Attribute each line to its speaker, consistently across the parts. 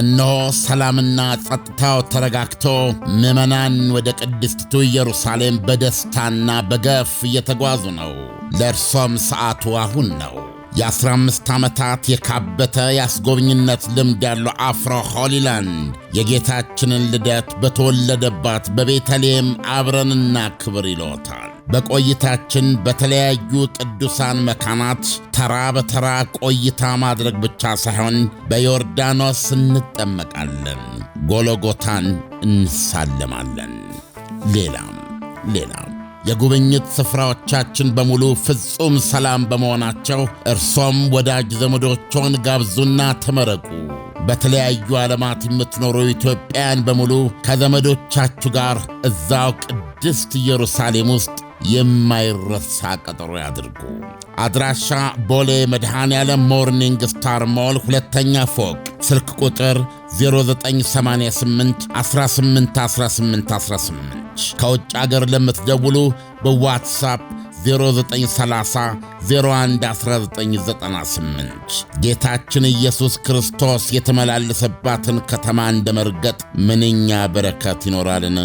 Speaker 1: እነሆ ሰላምና ጸጥታው ተረጋግቶ ምዕመናን ወደ ቅድስቲቱ ኢየሩሳሌም በደስታና በገፍ እየተጓዙ ነው። ለእርሶም ሰዓቱ አሁን ነው። የ15 ዓመታት የካበተ የአስጎብኝነት ልምድ ያለው አፍሮ ሆሊላንድ የጌታችንን ልደት በተወለደባት በቤተልሔም አብረንና ክብር ይሎታል። በቆይታችን በተለያዩ ቅዱሳን መካናት ተራ በተራ ቆይታ ማድረግ ብቻ ሳይሆን በዮርዳኖስ እንጠመቃለን፣ ጎሎጎታን እንሳለማለን። ሌላም ሌላም የጉብኝት ስፍራዎቻችን በሙሉ ፍጹም ሰላም በመሆናቸው እርሶም ወዳጅ ዘመዶችዎን ጋብዙና ተመረቁ። በተለያዩ ዓለማት የምትኖሩ ኢትዮጵያውያን በሙሉ ከዘመዶቻችሁ ጋር እዛው ቅድስት ኢየሩሳሌም ውስጥ የማይረሳ ቀጠሮ ያድርጉ። አድራሻ ቦሌ መድኃኔዓለም ሞርኒንግ ስታር ሞል ሁለተኛ ፎቅ፣ ስልክ ቁጥር 0988 ከውጭ አገር ለምትደውሉ በዋትሳፕ 0930 011998 ጌታችን ኢየሱስ ክርስቶስ የተመላለሰባትን ከተማ እንደ መርገጥ ምንኛ በረከት ይኖራልን!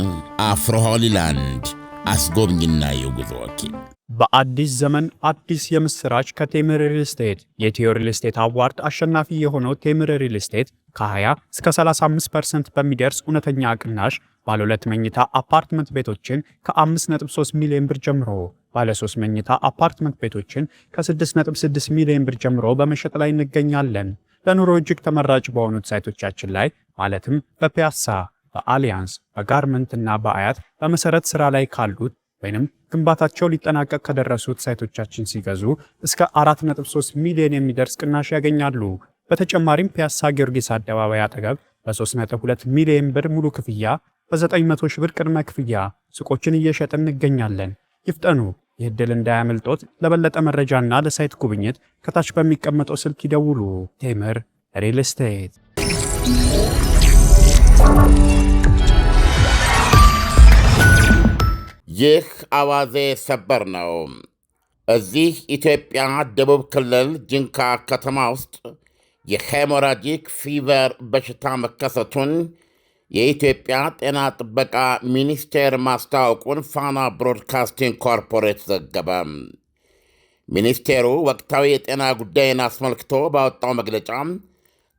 Speaker 1: አፍሮ ሆሊላንድ አስጎብኝና የጉዞ ወኪል
Speaker 2: በአዲስ ዘመን አዲስ የምስራች ከቴምር ሪል ስቴት የቴዮ ሪል ስቴት አዋርድ አሸናፊ የሆነው ቴምር ሪል ስቴት ከ20 እስከ 35% በሚደርስ እውነተኛ ቅናሽ ባለ ሁለት መኝታ አፓርትመንት ቤቶችን ከ5.3 ሚሊዮን ብር ጀምሮ ባለ 3 መኝታ አፓርትመንት ቤቶችን ከ6.6 ሚሊዮን ብር ጀምሮ በመሸጥ ላይ እንገኛለን። ለኑሮ እጅግ ተመራጭ በሆኑት ሳይቶቻችን ላይ ማለትም በፒያሳ በአሊያንስ በጋርመንት እና በአያት በመሰረት ስራ ላይ ካሉት ወይም ግንባታቸው ሊጠናቀቅ ከደረሱት ሳይቶቻችን ሲገዙ እስከ 4.3 ሚሊዮን የሚደርስ ቅናሽ ያገኛሉ። በተጨማሪም ፒያሳ ጊዮርጊስ አደባባይ አጠገብ በ3.2 ሚሊዮን ብር ሙሉ ክፍያ፣ በ900 ሺህ ብር ቅድመ ክፍያ ሱቆችን እየሸጥን እንገኛለን። ይፍጠኑ! ይህ ዕድል እንዳያመልጦት። ለበለጠ መረጃና ለሳይት ጉብኝት ከታች በሚቀመጠው ስልክ ይደውሉ። ቴምር ሪል ስቴት
Speaker 3: ይህ አዋዜ ሰበር ነው። እዚህ ኢትዮጵያ ደቡብ ክልል ጅንካ ከተማ ውስጥ የሄሞራጂክ ፊቨር በሽታ መከሰቱን የኢትዮጵያ ጤና ጥበቃ ሚኒስቴር ማስታወቁን ፋና ብሮድካስቲንግ ኮርፖሬት ዘገበ። ሚኒስቴሩ ወቅታዊ የጤና ጉዳይን አስመልክቶ ባወጣው መግለጫ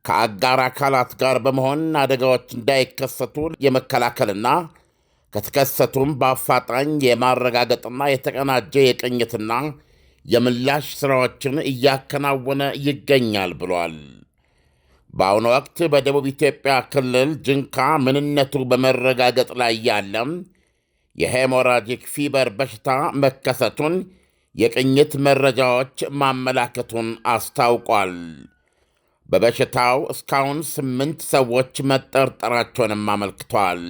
Speaker 3: ከአጋር አካላት ጋር በመሆን አደጋዎች እንዳይከሰቱ የመከላከልና ከተከሰቱም በአፋጣኝ የማረጋገጥና የተቀናጀ የቅኝትና የምላሽ ሥራዎችን እያከናወነ ይገኛል ብሏል። በአሁኑ ወቅት በደቡብ ኢትዮጵያ ክልል ጅንካ ምንነቱ በመረጋገጥ ላይ ያለም የሄሞራጂክ ፊበር በሽታ መከሰቱን የቅኝት መረጃዎች ማመላከቱን አስታውቋል። በበሽታው እስካሁን ስምንት ሰዎች መጠርጠራቸውንም አመልክቷል።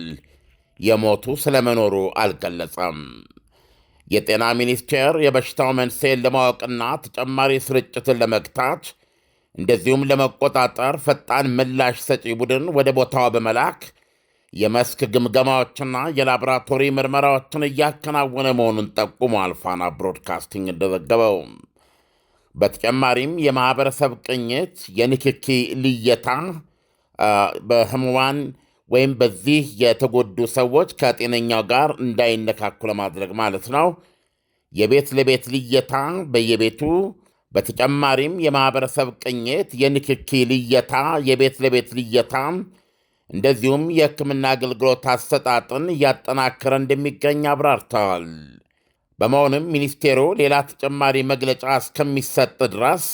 Speaker 3: የሞቱ ስለመኖሩ አልገለጸም። የጤና ሚኒስቴር የበሽታው መንስኤን ለማወቅና ተጨማሪ ስርጭትን ለመግታት እንደዚሁም ለመቆጣጠር ፈጣን ምላሽ ሰጪ ቡድን ወደ ቦታው በመላክ የመስክ ግምገማዎችና የላቦራቶሪ ምርመራዎችን እያከናወነ መሆኑን ጠቁሟል። ፋና ብሮድካስቲንግ እንደዘገበው በተጨማሪም የማኅበረሰብ ቅኝት፣ የንክኪ ልየታ፣ በህሙዋን ወይም በዚህ የተጎዱ ሰዎች ከጤነኛው ጋር እንዳይነካኩ ለማድረግ ማለት ነው። የቤት ለቤት ልየታ በየቤቱ በተጨማሪም የማህበረሰብ ቅኝት፣ የንክኪ ልየታ፣ የቤት ለቤት ልየታ እንደዚሁም የሕክምና አገልግሎት አሰጣጥን እያጠናከረ እንደሚገኝ አብራርተዋል። በመሆኑም ሚኒስቴሩ ሌላ ተጨማሪ መግለጫ እስከሚሰጥ ድረስ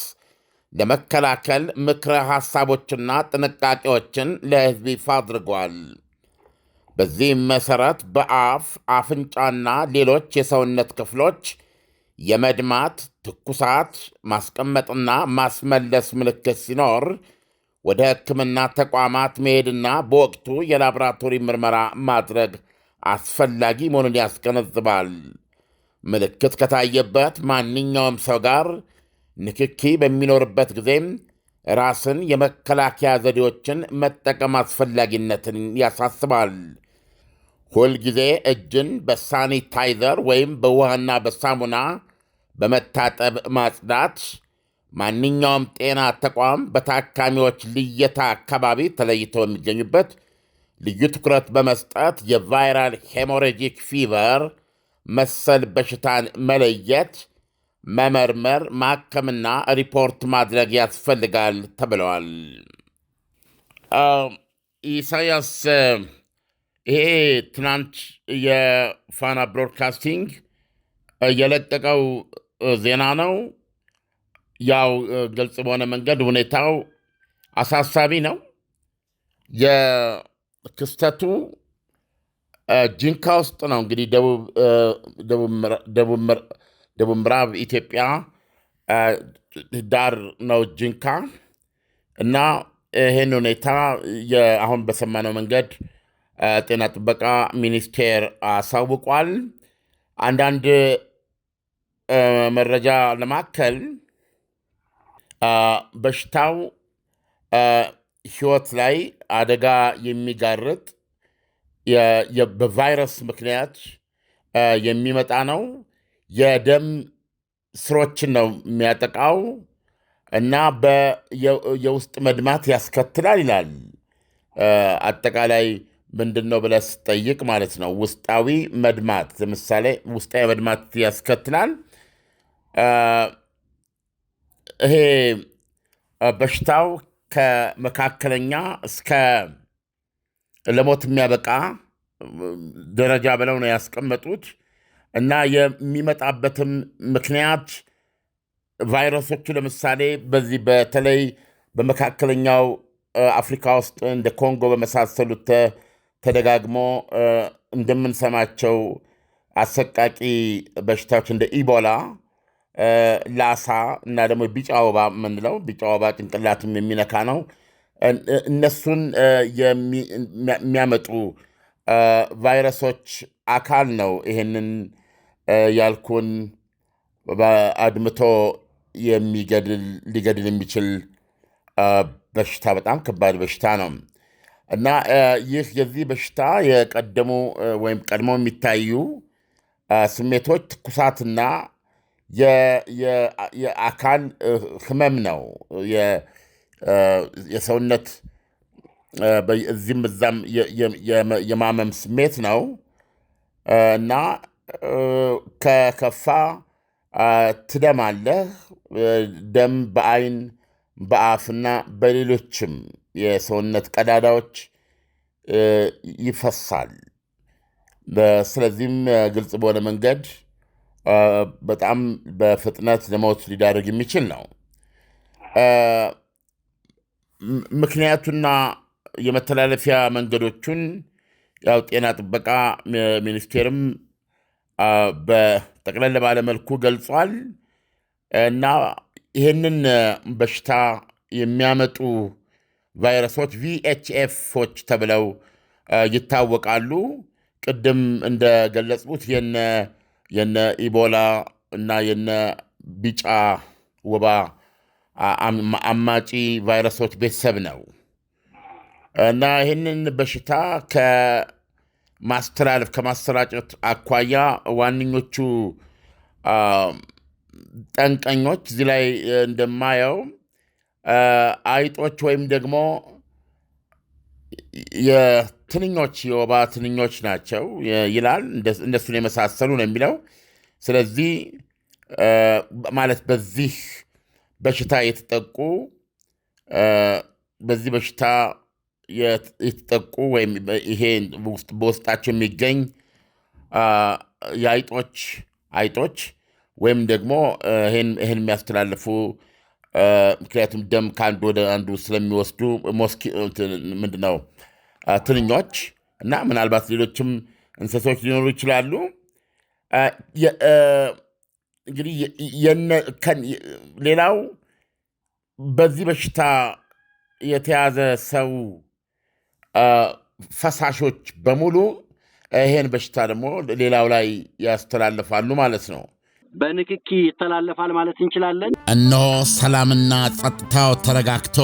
Speaker 3: ለመከላከል ምክረ ሐሳቦችና ጥንቃቄዎችን ለሕዝብ ይፋ አድርጓል። በዚህም መሠረት በአፍ አፍንጫና ሌሎች የሰውነት ክፍሎች የመድማት ትኩሳት፣ ማስቀመጥና ማስመለስ ምልክት ሲኖር ወደ ሕክምና ተቋማት መሄድና በወቅቱ የላብራቶሪ ምርመራ ማድረግ አስፈላጊ መሆኑን ያስገነዝባል። ምልክት ከታየበት ማንኛውም ሰው ጋር ንክኪ በሚኖርበት ጊዜም ራስን የመከላከያ ዘዴዎችን መጠቀም አስፈላጊነትን ያሳስባል። ሁልጊዜ እጅን በሳኒታይዘር ወይም በውሃና በሳሙና በመታጠብ ማጽዳት። ማንኛውም ጤና ተቋም በታካሚዎች ልየታ አካባቢ ተለይተው የሚገኙበት ልዩ ትኩረት በመስጠት የቫይራል ሄሞሬጂክ ፊቨር መሰል በሽታን መለየት መመርመር ማከምና ሪፖርት ማድረግ ያስፈልጋል ተብለዋል። ኢሳያስ ይሄ ትናንት የፋና ብሮድካስቲንግ የለቀቀው ዜና ነው። ያው ግልጽ በሆነ መንገድ ሁኔታው አሳሳቢ ነው። የክስተቱ ጅንካ ውስጥ ነው እንግዲህ ደቡብ ደቡብ ምዕራብ ኢትዮጵያ ዳር ነው ጅንካ እና ይህን ሁኔታ አሁን በሰማነው መንገድ ጤና ጥበቃ ሚኒስቴር አሳውቋል። አንዳንድ መረጃ ለማከል በሽታው ሕይወት ላይ አደጋ የሚጋርጥ በቫይረስ ምክንያት የሚመጣ ነው። የደም ስሮችን ነው የሚያጠቃው እና የውስጥ መድማት ያስከትላል ይላል። አጠቃላይ ምንድን ነው ብለህ ስጠይቅ ማለት ነው ውስጣዊ መድማት ለምሳሌ ውስጣዊ መድማት ያስከትላል። ይሄ በሽታው ከመካከለኛ እስከ ለሞት የሚያበቃ ደረጃ ብለው ነው ያስቀመጡት። እና የሚመጣበትም ምክንያት ቫይረሶቹ ለምሳሌ በዚህ በተለይ በመካከለኛው አፍሪካ ውስጥ እንደ ኮንጎ በመሳሰሉት ተደጋግሞ እንደምንሰማቸው አሰቃቂ በሽታዎች እንደ ኢቦላ፣ ላሳ እና ደግሞ ቢጫ ወባ የምንለው ቢጫ ወባ ጭንቅላትም የሚነካ ነው። እነሱን የሚያመጡ ቫይረሶች አካል ነው ይህንን ያልኩን አድምቶ ሊገድል የሚችል በሽታ በጣም ከባድ በሽታ ነው እና ይህ የዚህ በሽታ የቀደሙ ወይም ቀድሞ የሚታዩ ስሜቶች ትኩሳትና የአካል ህመም ነው። የሰውነት እዚህም እዛም የማመም ስሜት ነው እና ከከፋ ትደማለህ። ደም በአይን በአፍና በሌሎችም የሰውነት ቀዳዳዎች ይፈሳል። ስለዚህም ግልጽ በሆነ መንገድ በጣም በፍጥነት ለሞት ሊዳርግ የሚችል ነው። ምክንያቱና የመተላለፊያ መንገዶቹን ያው ጤና ጥበቃ ሚኒስቴርም በጠቅለል ባለመልኩ ገልጿል እና ይህንን በሽታ የሚያመጡ ቫይረሶች ቪኤችኤፎች ተብለው ይታወቃሉ። ቅድም እንደገለጽኩት የነ ኢቦላ እና የነ ቢጫ ወባ አማጪ ቫይረሶች ቤተሰብ ነው እና ይህንን በሽታ ማስተላለፍ ከማሰራጨት አኳያ ዋነኞቹ ጠንቀኞች እዚህ ላይ እንደማየው አይጦች ወይም ደግሞ የትንኞች የወባ ትንኞች ናቸው ይላል። እነሱን የመሳሰሉ ነው የሚለው። ስለዚህ ማለት በዚህ በሽታ የተጠቁ በዚህ በሽታ የተጠቁ ወይም ይሄ በውስጣቸው የሚገኝ የአይጦች አይጦች ወይም ደግሞ ይህን የሚያስተላልፉ ምክንያቱም ደም ከአንዱ ወደ አንዱ ስለሚወስዱ ምንድነው ትንኞች እና ምናልባት ሌሎችም እንስሳዎች ሊኖሩ ይችላሉ። እንግዲህ ሌላው በዚህ በሽታ የተያዘ ሰው ፈሳሾች በሙሉ ይሄን በሽታ ደግሞ ሌላው ላይ ያስተላልፋሉ ማለት ነው።
Speaker 4: በንክኪ ይተላለፋል ማለት እንችላለን። እነሆ ሰላምና ጸጥታው ተረጋግቶ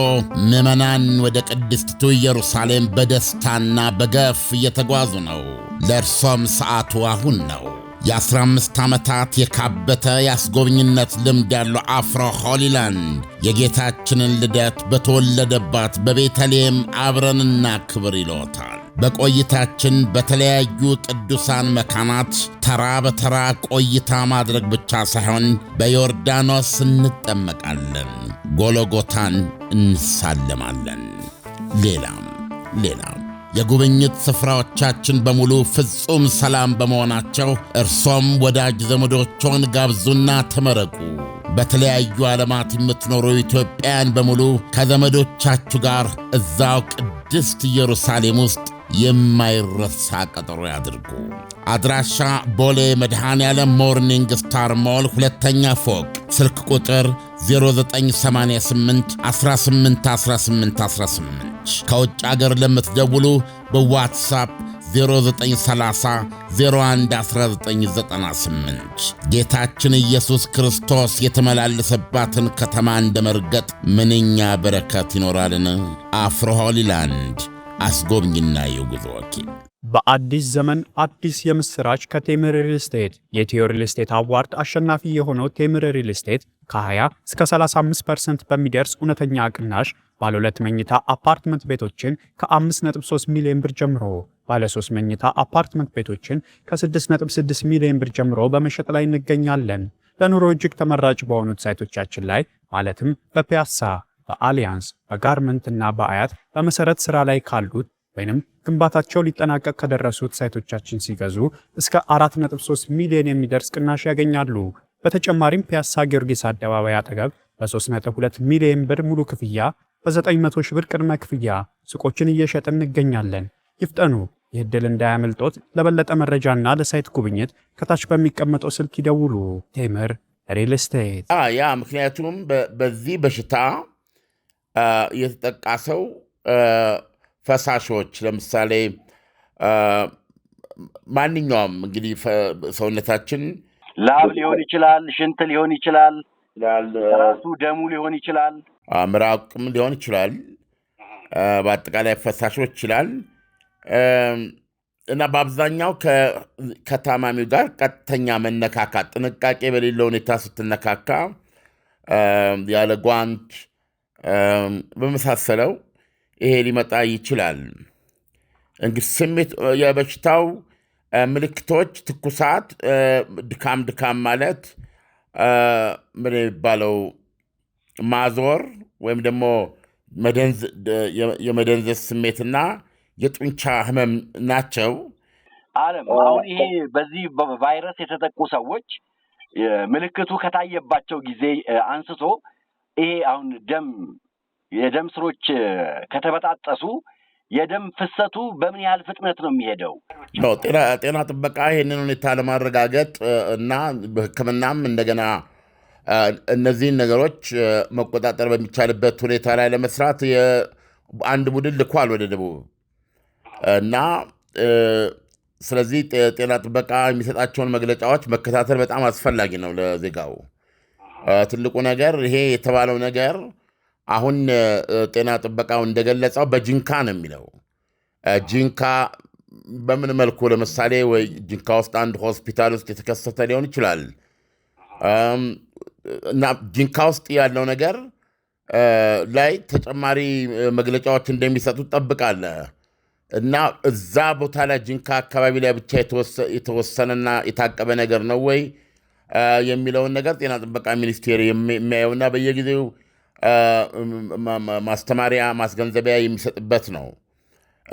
Speaker 4: ምዕመናን ወደ ቅድስቲቱ ኢየሩሳሌም በደስታና በገፍ እየተጓዙ ነው። ለእርሶም ሰዓቱ አሁን ነው። የ15 ዓመታት የካበተ የአስጎብኝነት ልምድ ያለው አፍሮ ሆሊላንድ የጌታችንን ልደት በተወለደባት በቤተልሔም አብረንና ክብር ይሎታል። በቆይታችን በተለያዩ ቅዱሳን መካናት ተራ በተራ ቆይታ ማድረግ ብቻ ሳይሆን በዮርዳኖስ እንጠመቃለን፣ ጎሎጎታን እንሳለማለን፣ ሌላም ሌላም የጉብኝት ስፍራዎቻችን በሙሉ ፍጹም ሰላም በመሆናቸው እርሶም
Speaker 2: ወዳጅ ዘመዶችዎን ጋብዙና ተመረቁ። በተለያዩ ዓለማት የምትኖሩ ኢትዮጵያን በሙሉ ከዘመዶቻችሁ ጋር እዛው ቅድስት ኢየሩሳሌም ውስጥ የማይረሳ ቀጠሮ ያድርጉ። አድራሻ ቦሌ መድኃኔ ዓለም ሞርኒንግ ስታር ሞል ሁለተኛ ፎቅ፣ ስልክ ቁጥር 0988181818 ከውጭ አገር ለምትደውሉ በዋትሳፕ 0930011998 ጌታችን ኢየሱስ ክርስቶስ የተመላለሰባትን ከተማ እንደ መርገጥ ምንኛ በረከት ይኖራልን! አፍሮ ሆሊላንድ አስጎብኝና የጉዞ ወኪል በአዲስ ዘመን አዲስ የምስራች ከቴምር ሪል ስቴት የቴዮ ሪል ስቴት አዋርድ አሸናፊ የሆነው ቴምር ሪል ስቴት ከ20 እስከ 35% በሚደርስ እውነተኛ ቅናሽ ባለ ሁለት መኝታ አፓርትመንት ቤቶችን ከ5.3 ሚሊዮን ብር ጀምሮ ባለ 3 መኝታ አፓርትመንት ቤቶችን ከ6.6 ሚሊዮን ብር ጀምሮ በመሸጥ ላይ እንገኛለን። ለኑሮ እጅግ ተመራጭ በሆኑት ሳይቶቻችን ላይ ማለትም በፒያሳ በአሊያንስ በጋርመንት እና በአያት በመሰረት ስራ ላይ ካሉት ወይም ግንባታቸው ሊጠናቀቅ ከደረሱት ሳይቶቻችን ሲገዙ እስከ 4.3 ሚሊዮን የሚደርስ ቅናሽ ያገኛሉ። በተጨማሪም ፒያሳ ጊዮርጊስ አደባባይ አጠገብ በ3.2 ሚሊዮን ብር ሙሉ ክፍያ፣ በ900 ሺህ ብር ቅድመ ክፍያ ሱቆችን እየሸጥን እንገኛለን። ይፍጠኑ! ይህ ዕድል እንዳያመልጦት። ለበለጠ መረጃና ለሳይት ጉብኝት ከታች በሚቀመጠው ስልክ ይደውሉ። ቴምር ሪል ስቴት
Speaker 3: ያ ምክንያቱም በዚህ በሽታ የተጠቃሰው ፈሳሾች ለምሳሌ ማንኛውም እንግዲህ ሰውነታችን
Speaker 4: ላብ ሊሆን ይችላል፣ ሽንት ሊሆን ይችላል፣ ራሱ ደሙ ሊሆን ይችላል፣
Speaker 3: ምራቅም ሊሆን ይችላል። በአጠቃላይ ፈሳሾች ይችላል እና በአብዛኛው ከታማሚው ጋር ቀጥተኛ መነካካት ጥንቃቄ በሌለ ሁኔታ ስትነካካ ያለ ጓንት በመሳሰለው ይሄ ሊመጣ ይችላል። እንግዲህ ስሜት የበሽታው ምልክቶች ትኩሳት፣ ድካም ድካም ማለት ምን የሚባለው ማዞር ወይም ደግሞ የመደንዘዝ ስሜትና የጡንቻ ህመም ናቸው።
Speaker 4: አለም አሁን ይሄ በዚህ ቫይረስ የተጠቁ ሰዎች ምልክቱ ከታየባቸው ጊዜ አንስቶ ይሄ አሁን ደም የደም ስሮች ከተበጣጠሱ የደም ፍሰቱ በምን ያህል ፍጥነት ነው የሚሄደው?
Speaker 3: ጤና ጥበቃ ይህንን ሁኔታ ለማረጋገጥ እና በሕክምናም እንደገና እነዚህን ነገሮች መቆጣጠር በሚቻልበት ሁኔታ ላይ ለመስራት አንድ ቡድን ልኳል ወደ ደቡብ እና ስለዚህ ጤና ጥበቃ የሚሰጣቸውን መግለጫዎች መከታተል በጣም አስፈላጊ ነው ለዜጋው። ትልቁ ነገር ይሄ የተባለው ነገር አሁን ጤና ጥበቃው እንደገለጸው በጅንካ ነው የሚለው። ጅንካ በምን መልኩ ለምሳሌ ወይ ጅንካ ውስጥ አንድ ሆስፒታል ውስጥ የተከሰተ ሊሆን ይችላል እና ጅንካ ውስጥ ያለው ነገር ላይ ተጨማሪ መግለጫዎች እንደሚሰጡ ጠብቃለ እና እዛ ቦታ ላይ ጅንካ አካባቢ ላይ ብቻ የተወሰነና የታቀበ ነገር ነው ወይ የሚለውን ነገር ጤና ጥበቃ ሚኒስቴር የሚያየውና በየጊዜው ማስተማሪያ ማስገንዘቢያ የሚሰጥበት ነው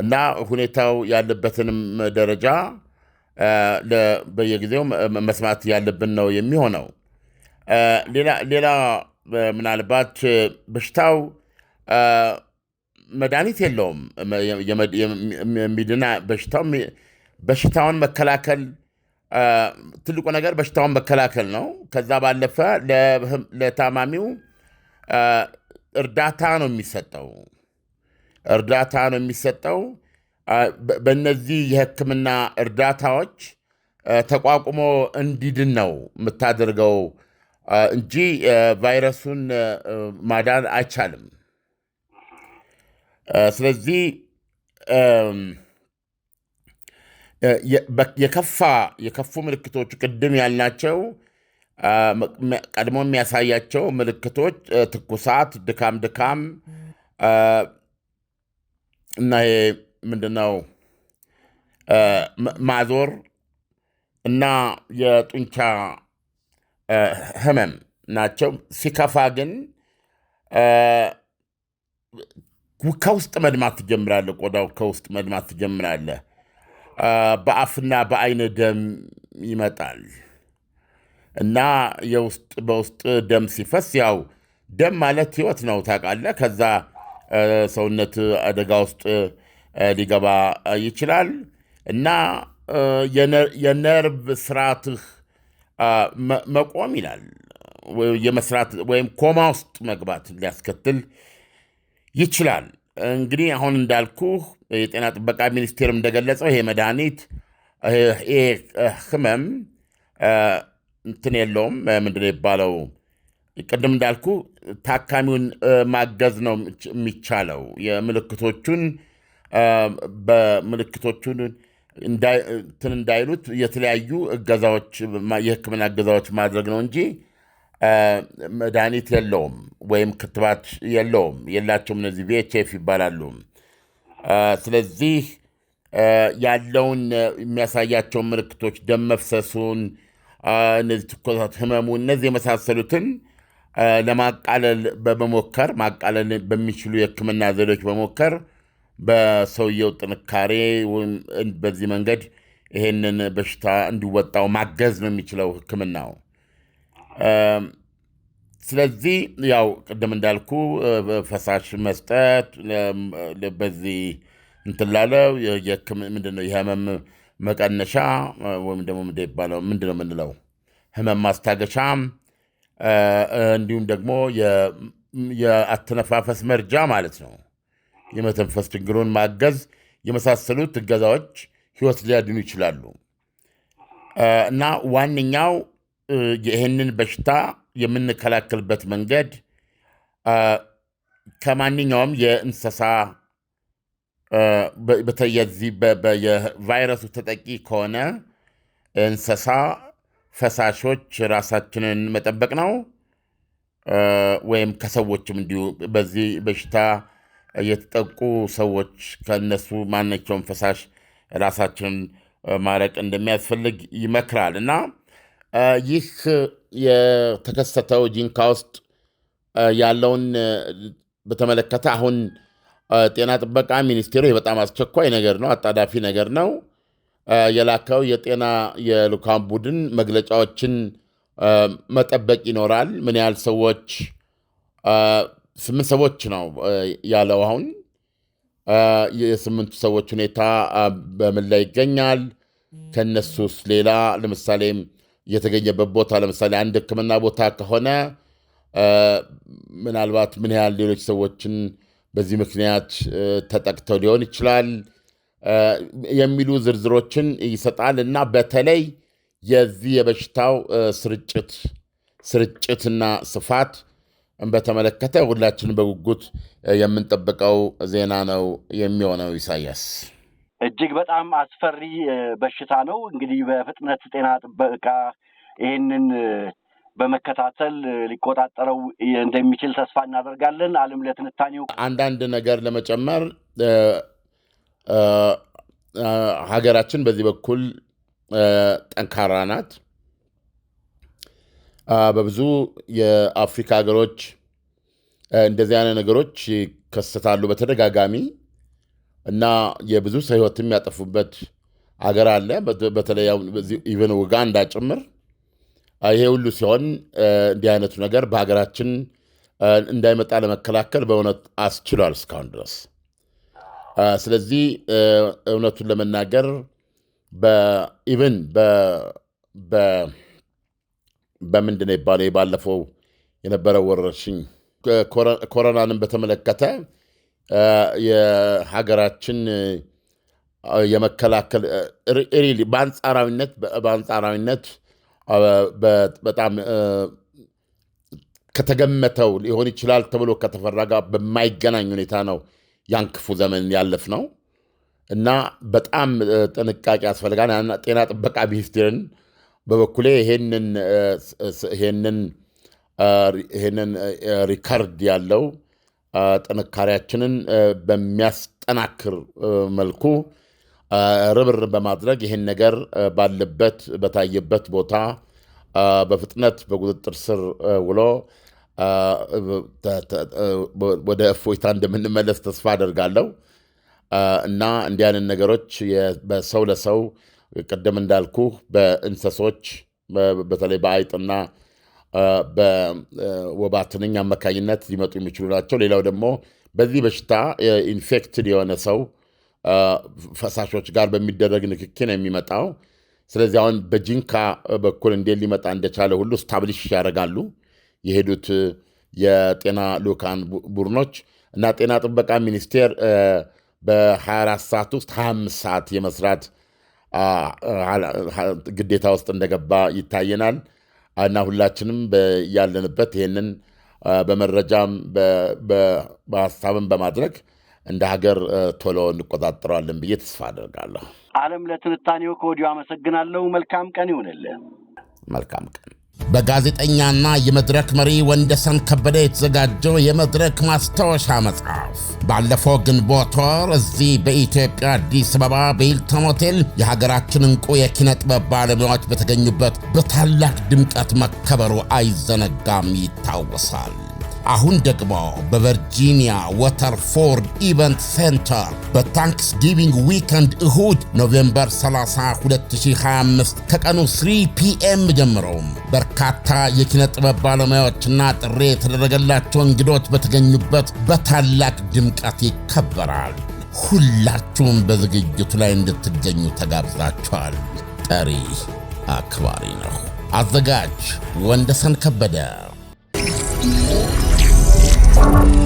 Speaker 3: እና ሁኔታው ያለበትንም ደረጃ በየጊዜው መስማት ያለብን ነው የሚሆነው። ሌላ ምናልባት በሽታው መድኃኒት የለውም። በሽታውን መከላከል ትልቁ ነገር በሽታውን መከላከል ነው። ከዛ ባለፈ ለታማሚው እርዳታ ነው የሚሰጠው እርዳታ ነው የሚሰጠው። በእነዚህ የሕክምና እርዳታዎች ተቋቁሞ እንዲድን ነው የምታደርገው እንጂ ቫይረሱን ማዳን አይቻልም። ስለዚህ የከፋ የከፉ ምልክቶቹ ቅድም ያልናቸው ቀድሞ የሚያሳያቸው ምልክቶች ትኩሳት፣ ድካም ድካም እና ይሄ ምንድነው ማዞር እና የጡንቻ ህመም ናቸው። ሲከፋ ግን ከውስጥ መድማት ትጀምራለህ። ቆዳው ከውስጥ መድማት ትጀምራለህ። በአፍና በአይን ደም ይመጣል እና የውስጥ በውስጥ ደም ሲፈስ ያው ደም ማለት ህይወት ነው ታውቃለህ። ከዛ ሰውነት አደጋ ውስጥ ሊገባ ይችላል እና የነርቭ ስርዓትህ መቆም ይላል የመስራት ወይም ኮማ ውስጥ መግባት ሊያስከትል ይችላል። እንግዲህ አሁን እንዳልኩ የጤና ጥበቃ ሚኒስቴር እንደገለጸው ይሄ መድኃኒት ይሄ ህመም እንትን የለውም ምንድን የሚባለው ቅድም እንዳልኩ ታካሚውን ማገዝ ነው የሚቻለው። የምልክቶቹን በምልክቶቹን እንትን እንዳይሉት የተለያዩ እገዛዎች የህክምና እገዛዎች ማድረግ ነው እንጂ መድኃኒት የለውም ወይም ክትባት የለውም የላቸውም። እነዚህ ቪኤችኤፍ ይባላሉ። ስለዚህ ያለውን የሚያሳያቸውን ምልክቶች ደም መፍሰሱን፣ እነዚህ ትኩሳት፣ ህመሙ፣ እነዚህ የመሳሰሉትን ለማቃለል በመሞከር ማቃለል በሚችሉ የህክምና ዘዴዎች በሞከር በሰውየው ጥንካሬ በዚህ መንገድ ይሄንን በሽታ እንዲወጣው ማገዝ ነው የሚችለው ህክምናው። ስለዚህ ያው ቅድም እንዳልኩ ፈሳሽ መስጠት በዚህ እንትላለው ምንድነው የህመም መቀነሻ ወይም ደግሞ ይባለው ምንድነው የምንለው ህመም ማስታገሻ እንዲሁም ደግሞ የአተነፋፈስ መርጃ ማለት ነው። የመተንፈስ ችግሩን ማገዝ የመሳሰሉት እገዛዎች ህይወት ሊያድኑ ይችላሉ እና ዋነኛው ይህንን በሽታ የምንከላከልበት መንገድ ከማንኛውም የእንስሳ በተየዚህ የቫይረሱ ተጠቂ ከሆነ እንስሳ ፈሳሾች ራሳችንን መጠበቅ ነው። ወይም ከሰዎችም እንዲሁ በዚህ በሽታ የተጠቁ ሰዎች ከነሱ ማናቸውም ፈሳሽ ራሳችንን ማረቅ እንደሚያስፈልግ ይመክራል እና ይህ የተከሰተው ጂንካ ውስጥ ያለውን በተመለከተ አሁን ጤና ጥበቃ ሚኒስቴሩ በጣም አስቸኳይ ነገር ነው፣ አጣዳፊ ነገር ነው የላከው የጤና የልዑካን ቡድን መግለጫዎችን መጠበቅ ይኖራል። ምን ያህል ሰዎች ስምንት ሰዎች ነው ያለው። አሁን የስምንቱ ሰዎች ሁኔታ በምን ላይ ይገኛል? ከእነሱስ ሌላ ለምሳሌ የተገኘበት ቦታ ለምሳሌ አንድ ሕክምና ቦታ ከሆነ ምናልባት ምን ያህል ሌሎች ሰዎችን በዚህ ምክንያት ተጠቅተው ሊሆን ይችላል የሚሉ ዝርዝሮችን ይሰጣል እና በተለይ የዚህ የበሽታው ስርጭት ስርጭትና ስፋት በተመለከተ ሁላችንም በጉጉት የምንጠብቀው ዜና ነው የሚሆነው። ኢሳያስ
Speaker 4: እጅግ በጣም አስፈሪ በሽታ ነው። እንግዲህ በፍጥነት ጤና ጥበቃ ይህንን በመከታተል ሊቆጣጠረው እንደሚችል ተስፋ እናደርጋለን። አለም ለትንታኔው
Speaker 3: አንዳንድ ነገር ለመጨመር ሀገራችን በዚህ በኩል ጠንካራ ናት። በብዙ የአፍሪካ ሀገሮች እንደዚህ አይነት ነገሮች ይከሰታሉ በተደጋጋሚ እና የብዙ ሰው ህይወት የሚያጠፉበት አገር አለ። በተለይ ኢቨን ውጋንዳ ጭምር ይሄ ሁሉ ሲሆን እንዲህ አይነቱ ነገር በሀገራችን እንዳይመጣ ለመከላከል በእውነት አስችሏል እስካሁን ድረስ። ስለዚህ እውነቱን ለመናገር በኢቨን በምንድን ነው ይባለው ባለፈው የነበረው ወረርሽኝ ኮሮናንም በተመለከተ የሀገራችን የመከላከል ሪሊ በአንጻራዊነት በአንጻራዊነት በጣም ከተገመተው ሊሆን ይችላል ተብሎ ከተፈራ ጋር በማይገናኝ ሁኔታ ነው ያን ክፉ ዘመን ያለፍ ነው እና በጣም ጥንቃቄ ያስፈልጋል። ጤና ጥበቃ ሚኒስቴርን በበኩሌ ይሄንን ሪከርድ ያለው ጥንካሬያችንን በሚያስጠናክር መልኩ ርብር በማድረግ ይህን ነገር ባለበት በታየበት ቦታ በፍጥነት በቁጥጥር ስር ውሎ ወደ እፎይታ እንደምንመለስ ተስፋ አደርጋለሁ እና እንዲያንን ነገሮች በሰው ለሰው ቅድም እንዳልኩ በእንሰሶች በተለይ በአይጥና በወባትንኛ አማካኝነት ሊመጡ የሚችሉ ናቸው። ሌላው ደግሞ በዚህ በሽታ ኢንፌክትድ የሆነ ሰው ፈሳሾች ጋር በሚደረግ ንክኪ ነው የሚመጣው። ስለዚህ አሁን በጂንካ በኩል እንዴት ሊመጣ እንደቻለ ሁሉ ስታብሊሽ ያደርጋሉ የሄዱት የጤና ልኡካን ቡድኖች እና ጤና ጥበቃ ሚኒስቴር በ24 ሰዓት ውስጥ 25 ሰዓት የመስራት ግዴታ ውስጥ እንደገባ ይታየናል። እና ሁላችንም ያለንበት ይህንን በመረጃም በሀሳብም በማድረግ እንደ ሀገር ቶሎ እንቆጣጠረዋለን ብዬ ተስፋ አደርጋለሁ።
Speaker 4: አለም ለትንታኔው ከወዲሁ አመሰግናለሁ። መልካም ቀን ይሆንልን።
Speaker 3: መልካም ቀን
Speaker 1: በጋዜጠኛና የመድረክ መሪ ወንደሰን ከበደ የተዘጋጀው የመድረክ ማስታወሻ መጽሐፍ ባለፈው ግንቦት ወር እዚህ በኢትዮጵያ አዲስ አበባ በሂልተን ሆቴል የሀገራችን እንቁ የኪነ ጥበብ ባለሙያዎች በተገኙበት በታላቅ ድምቀት መከበሩ አይዘነጋም፣ ይታወሳል። አሁን ደግሞ በቨርጂኒያ ወተርፎርድ ኢቨንት ሴንተር በታንክስ ጊቪንግ ዊከንድ እሁድ ኖቬምበር 30 2025 ከቀኑ 3 ፒኤም ጀምሮ በርካታ የኪነ ጥበብ ባለሙያዎችና ጥሪ የተደረገላቸው እንግዶች በተገኙበት በታላቅ ድምቀት ይከበራል። ሁላችሁም በዝግጅቱ ላይ እንድትገኙ ተጋብዛችኋል። ጠሪ አክባሪ ነው። አዘጋጅ ወንደሰን ከበደ Thank you.